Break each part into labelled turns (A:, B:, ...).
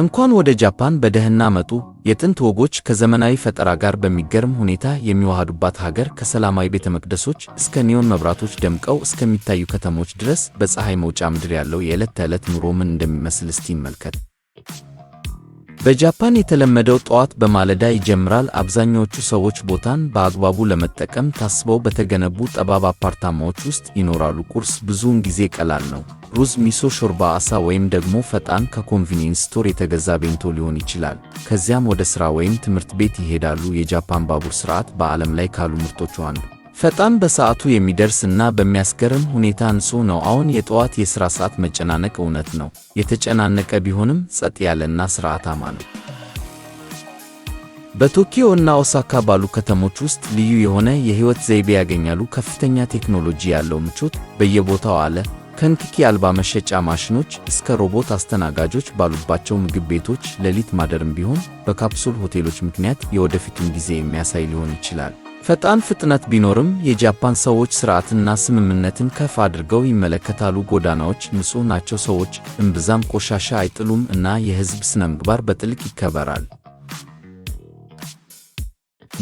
A: እንኳን ወደ ጃፓን በደህና መጡ። የጥንት ወጎች ከዘመናዊ ፈጠራ ጋር በሚገርም ሁኔታ የሚዋሃዱባት ሀገር ከሰላማዊ ቤተ መቅደሶች እስከ ኒዮን መብራቶች ደምቀው እስከሚታዩ ከተሞች ድረስ በፀሐይ መውጫ ምድር ያለው የዕለት ተዕለት ኑሮ ምን እንደሚመስል እስቲ ይመልከት። በጃፓን የተለመደው ጠዋት በማለዳ ይጀምራል። አብዛኛዎቹ ሰዎች ቦታን በአግባቡ ለመጠቀም ታስበው በተገነቡ ጠባብ አፓርታማዎች ውስጥ ይኖራሉ። ቁርስ ብዙውን ጊዜ ቀላል ነው። ሩዝ፣ ሚሶ፣ ሾርባ፣ አሳ ወይም ደግሞ ፈጣን ከኮንቪኒየንስ ስቶር የተገዛ ቤንቶ ሊሆን ይችላል። ከዚያም ወደ ሥራ ወይም ትምህርት ቤት ይሄዳሉ። የጃፓን ባቡር ሥርዓት በዓለም ላይ ካሉ ምርቶች አንዱ ፈጣን በሰዓቱ የሚደርስ እና በሚያስገርም ሁኔታ ንጹህ ነው። አሁን የጠዋት የሥራ ሰዓት መጨናነቅ እውነት ነው፣ የተጨናነቀ ቢሆንም ጸጥ ያለና ሥርዓታማ ነው። በቶኪዮ እና ኦሳካ ባሉ ከተሞች ውስጥ ልዩ የሆነ የሕይወት ዘይቤ ያገኛሉ። ከፍተኛ ቴክኖሎጂ ያለው ምቾት በየቦታው አለ። ከንክኪ አልባ መሸጫ ማሽኖች እስከ ሮቦት አስተናጋጆች ባሉባቸው ምግብ ቤቶች ሌሊት ማደርም ቢሆን በካፕሱል ሆቴሎች ምክንያት የወደፊቱን ጊዜ የሚያሳይ ሊሆን ይችላል። ፈጣን ፍጥነት ቢኖርም የጃፓን ሰዎች ሥርዓትና ስምምነትን ከፍ አድርገው ይመለከታሉ። ጎዳናዎች ንጹሕ ናቸው፣ ሰዎች እምብዛም ቆሻሻ አይጥሉም እና የሕዝብ ስነምግባር በጥልቅ ይከበራል።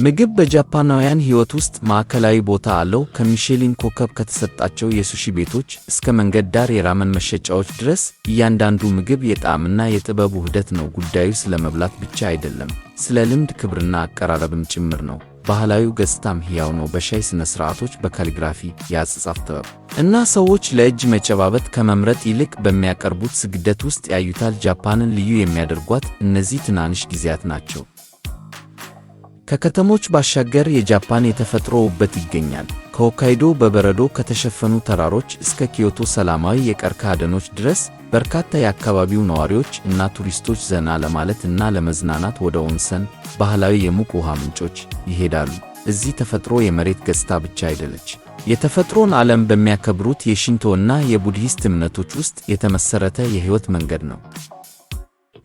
A: ምግብ በጃፓናውያን ሕይወት ውስጥ ማዕከላዊ ቦታ አለው። ከሚሼሊን ኮከብ ከተሰጣቸው የሱሺ ቤቶች እስከ መንገድ ዳር የራመን መሸጫዎች ድረስ እያንዳንዱ ምግብ የጣዕምና የጥበብ ውህደት ነው። ጉዳዩ ስለ መብላት ብቻ አይደለም፣ ስለ ልምድ፣ ክብርና አቀራረብም ጭምር ነው። ባህላዊው ገጽታም ሕያው ነው። በሻይ ሥነ ሥርዓቶች፣ በካሊግራፊ የአጻጻፍ ጥበብ እና ሰዎች ለእጅ መጨባበት ከመምረጥ ይልቅ በሚያቀርቡት ስግደት ውስጥ ያዩታል። ጃፓንን ልዩ የሚያደርጓት እነዚህ ትናንሽ ጊዜያት ናቸው። ከከተሞች ባሻገር የጃፓን የተፈጥሮ ውበት ይገኛል። ከሆካይዶ በበረዶ ከተሸፈኑ ተራሮች እስከ ኪዮቶ ሰላማዊ የቀርከሃ ደኖች ድረስ በርካታ የአካባቢው ነዋሪዎች እና ቱሪስቶች ዘና ለማለት እና ለመዝናናት ወደ ኦንሰን ባህላዊ የሙቅ ውሃ ምንጮች ይሄዳሉ። እዚህ ተፈጥሮ የመሬት ገጽታ ብቻ አይደለች። የተፈጥሮን ዓለም በሚያከብሩት የሽንቶ እና የቡድሂስት እምነቶች ውስጥ የተመሠረተ የሕይወት መንገድ ነው።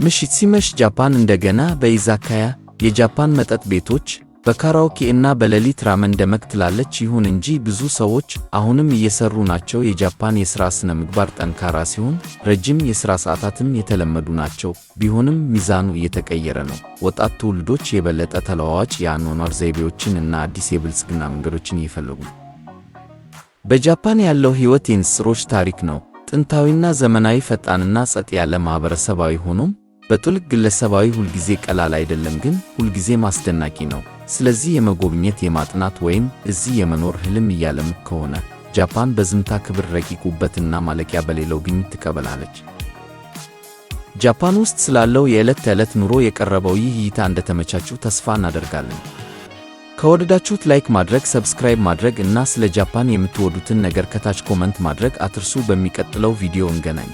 A: ምሽት ሲመሽ ጃፓን እንደገና በኢዛካያ የጃፓን መጠጥ ቤቶች በካራኦኬ እና በሌሊት ራመን ደመቅ ትላለች። ይሁን እንጂ ብዙ ሰዎች አሁንም እየሰሩ ናቸው። የጃፓን የሥራ ሥነ ምግባር ጠንካራ ሲሆን ረጅም የሥራ ሰዓታትም የተለመዱ ናቸው። ቢሆንም ሚዛኑ እየተቀየረ ነው። ወጣት ትውልዶች የበለጠ ተለዋዋጭ የአኗኗር ዘይቤዎችን እና አዲስ የብልጽግና መንገዶችን እየፈለጉ ነው። በጃፓን ያለው ሕይወት የንስሮች ታሪክ ነው። ጥንታዊና ዘመናዊ፣ ፈጣንና ጸጥ ያለ ማኅበረሰባዊ ሆኖም በጥልቅ ግለሰባዊ ሁልጊዜ ቀላል አይደለም፣ ግን ሁልጊዜም ማስደናቂ ነው። ስለዚህ የመጎብኘት የማጥናት ወይም እዚህ የመኖር ህልም እያለምክ ከሆነ ጃፓን በዝምታ ክብር፣ ረቂቅ ውበትና ማለቂያ በሌለው ግኝት ትቀበላለች። ጃፓን ውስጥ ስላለው የዕለት ተዕለት ኑሮ የቀረበው ይህ እይታ እንደተመቻችሁ ተስፋ እናደርጋለን። ከወደዳችሁት ላይክ ማድረግ፣ ሰብስክራይብ ማድረግ እና ስለ ጃፓን የምትወዱትን ነገር ከታች ኮመንት ማድረግ አትርሱ። በሚቀጥለው ቪዲዮ እንገናኝ።